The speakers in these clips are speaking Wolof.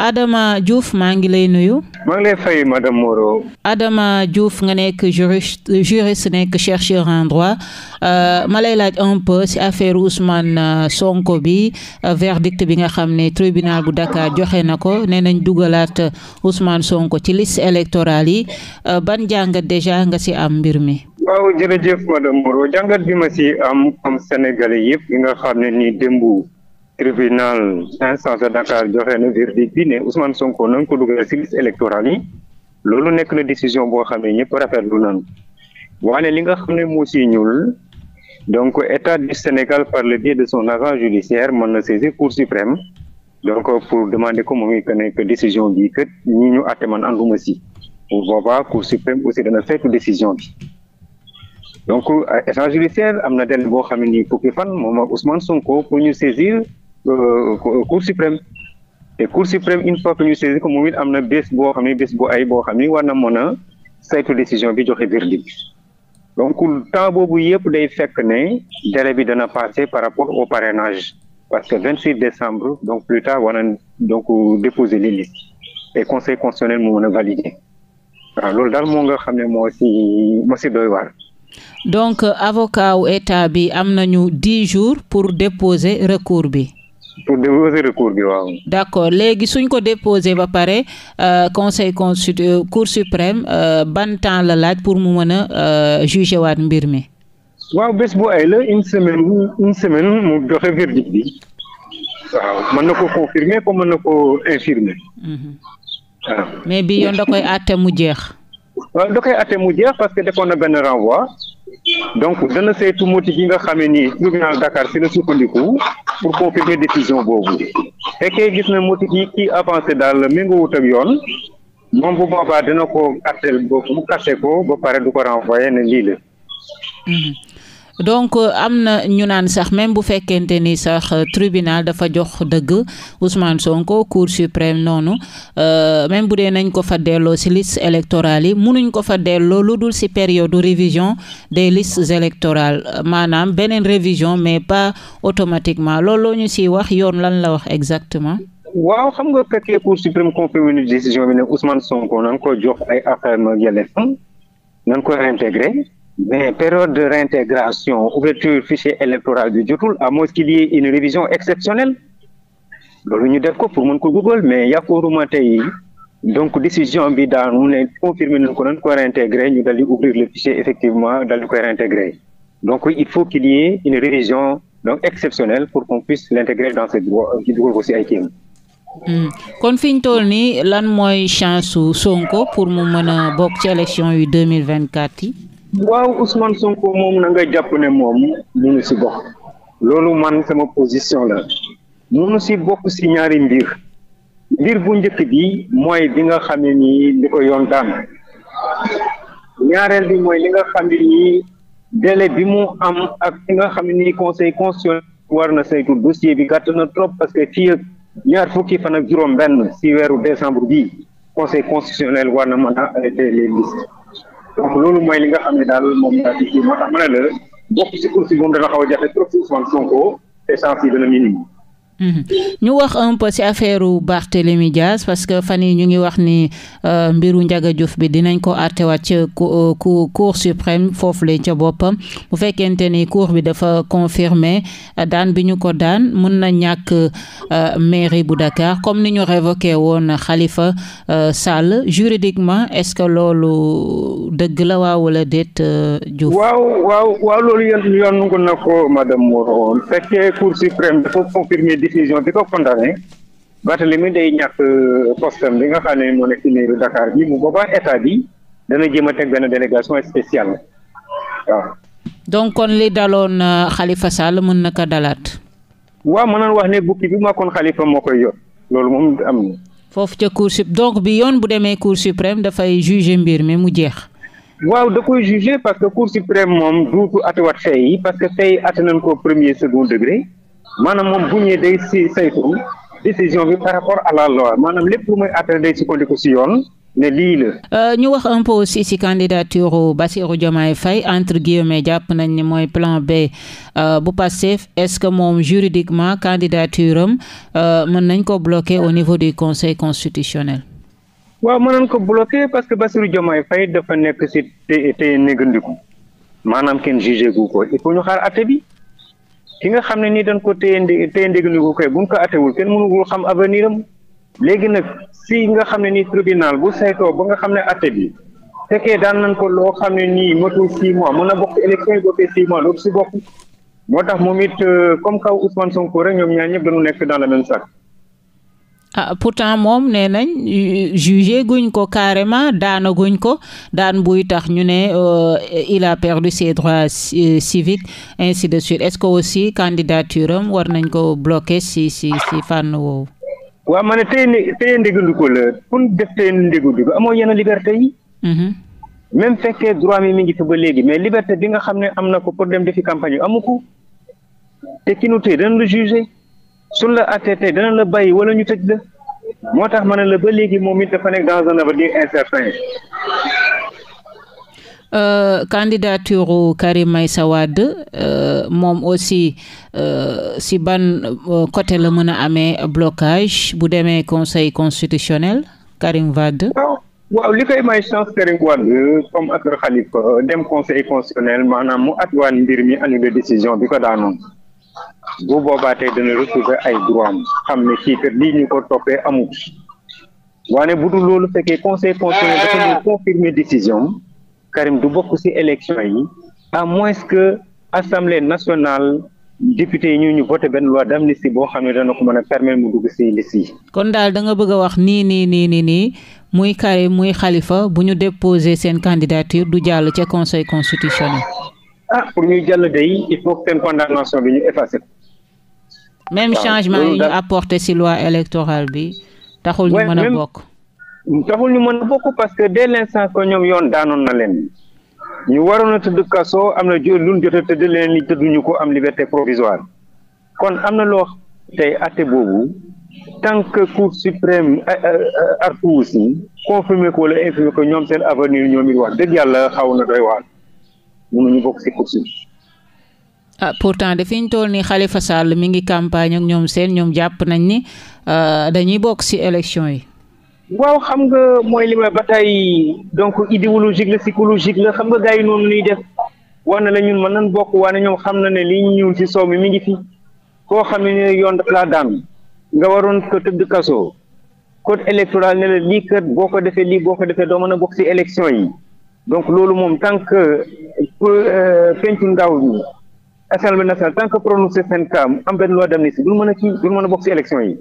Adama Diouf maa ngi lay nuyu. maa ngi lay fay madame Moreau. Adama Diouf nga nekk juriste juriste nekk chercheur en droit euh, ma lay laaj un peu ci affaire Ousmane euh, Sonko bi euh, verdict bi nga xam ne tribunal bu Dakar joxe na ko nee nañ dugalaat Ousmane Sonko ci liste électorale yi ban jàngat déjà nga ci am mbir mi. waaw jërëjëf madame Moreau jàngat bi ma ci am comme Sénégalais yëpp nga xam ne nii démb. tribunal instance de na verdict ko dugal ci liste électorale yi boo xam ne ñëpp rafetlu nañ li nga xam ne moo si ñuul donc état du Sénégal par de son agent judiciaire mën na saisir cour pour demander ko moom que bi que ñi ñu si pour boobaa cour suprême aussi fan moom ak Ousmane Sonko pour ñu saisir. Euh, Cour suprême te Cour suprême une fois que ñu saisir ko moom it am na bés boo xam ne bés bu ay boo xam ne war na mën a saytu décision bi joxe verdict bi donc temps boobu yëpp day fekk ne délai bi dana passé par rapport au parrainage parce que 28 décembre donc plus tard war na donc déposer les listes et conseil constitutionnel mu mën a waaw loolu daal moo nga xam ne moo si moo si doy waar. donc avocat wu état bi am nañu 10 jours pour déposer recours bi. pour déposer recours bi waaw. d' accord léegi suñ ko déposé ba pare euh, conseil constitutionnel euh, cour suprême euh, ban temps la laaj pour mu mën a juger waat mbir mi. waaw bés boo ay la une semaine une semaine mu joxe verdict bi. waaw mën na ko confirmer ko mën na ko infirmer. Mhm. mais bi yoon da koy àtte mu jeex. waaw da koy àtte mu jeex parce que defoon na benn renvoi. donc dana saytu motif yi nga xamee ni tribunal Dakar si la sukkandiku pour confirmer décision boobu fekkee gis na motif yi kii avancé daal méngoowut ak yoon moom bu boobaa dina ko àtteel mu àtte ko ba pare du ko renvoyé ne lii la mhm. donc euh, am na ñu naan sax même bu fekkente ni sax euh, tribunal dafa jox dëgg Ousmane Sonko cour suprême noonu euh, même bu dee nañ ko fa delloo si liste électorale yi munuñ ko fa delloo lu dul si période révision des listes électorales maanaam beneen révision mais pas automatiquement loolu ñu si wax yoon lan la wax exactement. waaw xam nga fekkee cour suprême confirmé nu décision bi ne Ousmane Sonko na nga jox ay affaires ma yelleef na nga intégré. Mais période de réintégration, ouverture fichier électoral du Diotul, à moins qu'il y une révision exceptionnelle. ñu def ko pour mën ko google mais yaakooruma tey donc décision bi daanu ne confirmer nañ ko nañ ko réintégrer ñu daldi ouvrir le fichier effectivement daldi koy réintégrer donc il faut qu'il y une révision exceptionnelle pour qu'on puisse l'intégrer dans ce droit ci dugal ko ci ay kéem hmm. kon fi ñu toll nii lan mooy chance su pour mu mën a bokk ci élection yu waaw Ousmane Sonko moom na nga jàpp ne moom munu si bokk loolu man sama position la munu si bokk si ñaari mbir mbir bu njëkk bi mooy bi nga xam ne nii di ko yoon daan ñaareel bi mooy li nga xam nii délai bi mu am ak li nga xam ne nii conseil constitutionnel war na saytu dossier bi gàtt na trop parce que fii ñaar fukki fan ak juróom benn si weeru décembre bi conseil constitutionnel war na mën a arrêté les donc loolu mooy li nga xam ne daal moom daal di kii moo tax ma ne la bokk si kursi moom dana xaw a jafe trop si Sonko te chance yi dana minimum Mhm. ñu wax un peu ci affaire Barthélémy Dias parce que fan yi ñu ngi wax ni euh, mbiru Ndiaga Diouf bi dinañ ko àtteewaat ci euh, cour suprême foofu la ca boppam bu fekkente ni cour bi dafa confirmer euh, daan bi ñu ko daan mën na ñàkk mairie bu Dakar comme ni ñu révoqué woon xalifa Sall juridiquement est-ce que loolu dëgg la waaw wala déet Diouf. waaw waaw waaw loolu yoon yoon na ko madame Moreau fekkee cour suprême dafa confirmer décision bi ko condamné Barthélemy day ñàkk euh, postam bi nga xam ne moo nekk ci mairie Dakar bi bu boobaa état bi dana jéem a teg benn délégation spéciale waaw. donc kon li daloon euh, Khalifa Sall mën na ko dalaat. waaw mën naan wax ne bukki bi ma kon Khalifa moo koy yor loolu moom am na. foofu ca cour donc bi yoon bu demee cour suprême dafay juger mbir mi mu jeex. waaw da koy juger parce que cour suprême moom duutu atiwaat fee yi parce que fee yi ati nañ ko premier second degré. maanaam moom bu ñëwee day si saytu décision bi par rapport à la loi maanaam lépp lu muy atteindre day sukkandiku yoon. ne lii la. Euh, ñu wax un peu aussi ci candidature Bassirou Diomaye Faye entre guillemets jàpp nañ ni mooy plan B euh, bu Pastef est-ce que moom juridiquement candidature am euh, mën nañ ko bloquer au niveau du conseil constitutionnel. waaw mën nañ ko bloquer parce que Bassirou Diomaye Faye dafa nekk ci té té négandiku maanaam kenn jugé gu ko il faut ñu xaar àtte ki nga xam ne nii dañ ko téye ndé téye ndégal ñu ko koy buñ ko atewul kenn mënugul xam avenir am léegi nag si nga xam ne nii tribunal bu saytoo ba nga xam ne atte bi fekkee daan nañ ko loo xam ne nii matul six mois mën na bokk élection yi bokkee six mois si bokk moo tax moom it euh, comme kaw Ousmane Sonko rek ñoom ñaar ñëpp dañu nekk dans le même sac ah pourtant moom nee nañ euh, jugé guñ ko carrément daana guñ ko daan buy tax ñu ne euh, il a perdu ses droits euh, civiques ainsi de suite est-ce que aussi candidature am war nañ ko bloquer si si si fànn woowu. waaw ma ne tey tey ndégandiku la pour def tey ndégandiku amoo yenn liberté yi. Mhm. même fekkee droit mi mi ngi fi ba léegi mais liberté bi nga xam ne am na ko pour dem defi campagne yu amu ko te ki nu tey dañ la jugé. suñ la àttee tey dana la bàyyi wala ñu tëj la moo tax ma ne la ba léegi moom it dafa nekk dans un avenir incertain. Euh, candidature Karim Meïssa Wade euh, moom aussi euh, si ban côté la mën a amee blocage bu demee conseil constitutionnel Karim Wade. waaw li koy may chance Karim Wade comme ak Khalifa dem conseil constitutionnel maanaam mu at waan mbir mi annulé décision bi ko daanoon. bu boobaa tey dana retrouver ay droit am xam ne kii kat lii ñu ko toppee amut waane bu dul loolu fekkee conseil constitutionnel dafa ñu confirmer décision Karim du bokk ci élection yi à moins que assemblée nationale député yi ñu ñu voté benn waa d'amnistie boo xam ne dana ko mën a permettre mu dugg ci liste yi. kon daal danga nga bëgg a wax nii nii nii nii nii muy Karim muy xalifa bu ñu déposé seen candidature du jàll ca conseil constitutionnel. ah pour ñuy jàll day il faut que même changement yi ñu apporté si loi électorale bi taxul ñu mën a bokk taxul ñu mën a bokk parce que dès l'instant que ñoom yoon daanoon na leen ñu waroon a tëdd kaso am na luñ jot a tëdd leen li tëdduñu ko am liberté provisoire kon am na loo tey atte boobu tant que cour suprême artu si confirmé ko wala infirmé ko ñoom seen avenir ñoom it wax dëgg yàlla xaw na doy waar mënuñu bokk si cour bi ah pourtant de fi ñu toll nii Khalifa Sall mi ngi campagne ak ñoom seen ñoom jàpp nañ ni ah, dañuy bokk ci élection yi. waaw xam nga mooy li ma ba tey donc idéologique la psychologique la xam nga gars yi noonu ñuy def wax na la ñun mën nañ bokk waane ñoom xam na ne lii ñuul ci soow mi mi ngi fi koo xam ne yoon daf laa daam nga waroon ko tëdd kaso code électoral ne la lii kër boo ko defee lii boo ko defee doo mën a bokk ci élection yi donc loolu moom tant que euh, pencu ndaw assemblée nationale tant que prononcé seen cas am benn loi d'amnistie dul mën a ci dul mën a bokk ci élection yi.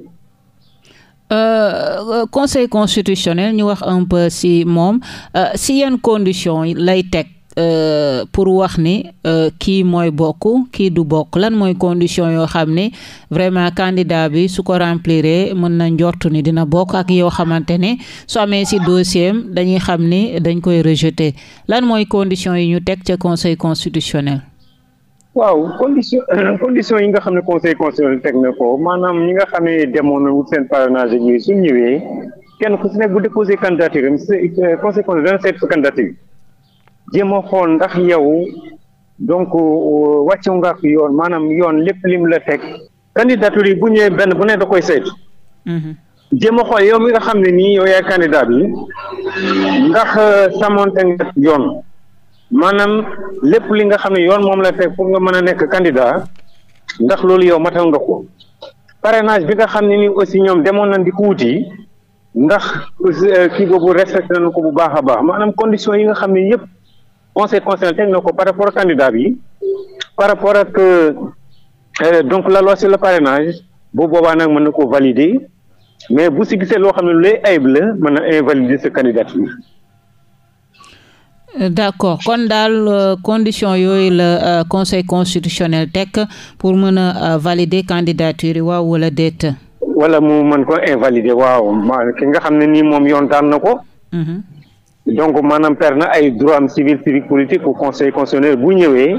Euh, conseil constitutionnel ñu wax un peu si moom si euh, yenn conditions lay teg euh, pour wax ni kii mooy bokk kii du bokk lan mooy condition yoo xam ne vraiment candidat bi su ko remplir mën na njortu ni dina bokk ak yoo xamante ne su amee si dossier dañuy xam ni dañ koy rejeter lan mooy condition yi ñu teg ca conseil constitutionnel. waaw condition euh, condition yi nga xam ne conseil constitutionnel teg na ko maanaam ñi nga xam ne demoon na wut seen parrainage ak yooyu su ñëwee kenn ku si nekk bu déposé candidature am euh, conseil constitutionnel dana seet sa candidature jéem a xool ndax yow donc euh, wàccu nga ak yoon maanaam yoon lépp lim la teg candidature yi bu ñëwee benn bu ne da koy seet mm-hmm. jéem a xool yow mi nga xam ne nii yow yaay candidat bi ndax samonte nga yoon maanaam lépp li nga xam ne yoon moom la teg pour nga mën a nekk candidat ndax loolu yow matal nga ko parrainage bi nga xam ne ni aussi ñoom demoon nañ di ko wuti ndax euh, kii boobu na nu ko bu baax a baax maanaam condition yi nga xam ne yëpp conseil constitutionnel teg ko par rapport candidat bi par rapport ak euh, euh, donc la loi sur le parrainage bu boobaa nag mën na ko valider mais bu si gisee loo xam ne lu lay ayib la mën na invalider sa candidature d' accord kon daal euh, condition yooyu la euh, conseil constitutionnel teg pour mën a euh, valider candidature yi waaw wala déet. wala moom mën ko invalider waaw ma ki nga xam ne nii moom yoon daan na ko. Mhm. donc maanaam per na ay droit am civil civique politique au conseil constitutionnel bu ñëwee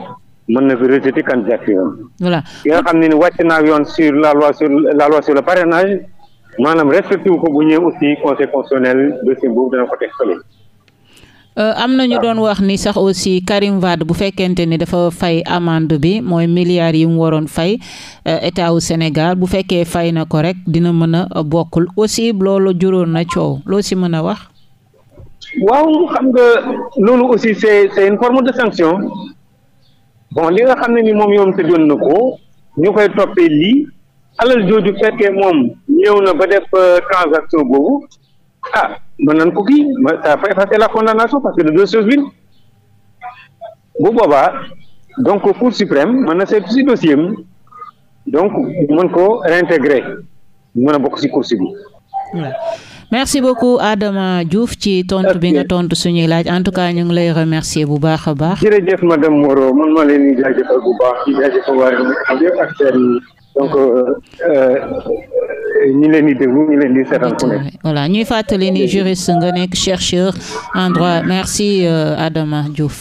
mën na fi rejeter candidature am. voilà ki nga xam ne ni wàcc naa yoon sur la loi sur la loi maanaam respecté wu ko bu ñëwee aussi conseil constitutionnel dossier boobu dana ko teg Euh, am na ñu ah. doon wax ni sax aussi Karim Wade bu fekkente ni dafa fay amande bi mooy milliards yi mu waroon fay euh, état wu Sénégal bu fekkee fay na ko rek dina mën a bokkul aussi loolu juróon na coow loo si mën a wax. waaw xam nga loolu aussi c'est c'est une de sanction bon li nga xam ne ni moom yoon tëjoon na ko ñu koy toppee lii alal jooju fekkee moom ñëw na ba def euh, transaction boobu. ah mën nañ ko ki ça fait effacer la de deux bu boobaa donc cour suprême mën na seetu si dossier donc mën ko réintégrer mën a bokk si course bi merci beaucoup Adama Diouf ci tontu bi nga tontu suñuy laaj en tout cas ñu ngi lay remercier bu baax a baax. jërëjëf madame Moreau man maa leen di jaajëfal ak ñi leen di déglu ñi leen di seetaan fu nekk voilà ñuy fàttali ni juriste chercheur en droit merci euh, Adama Diouf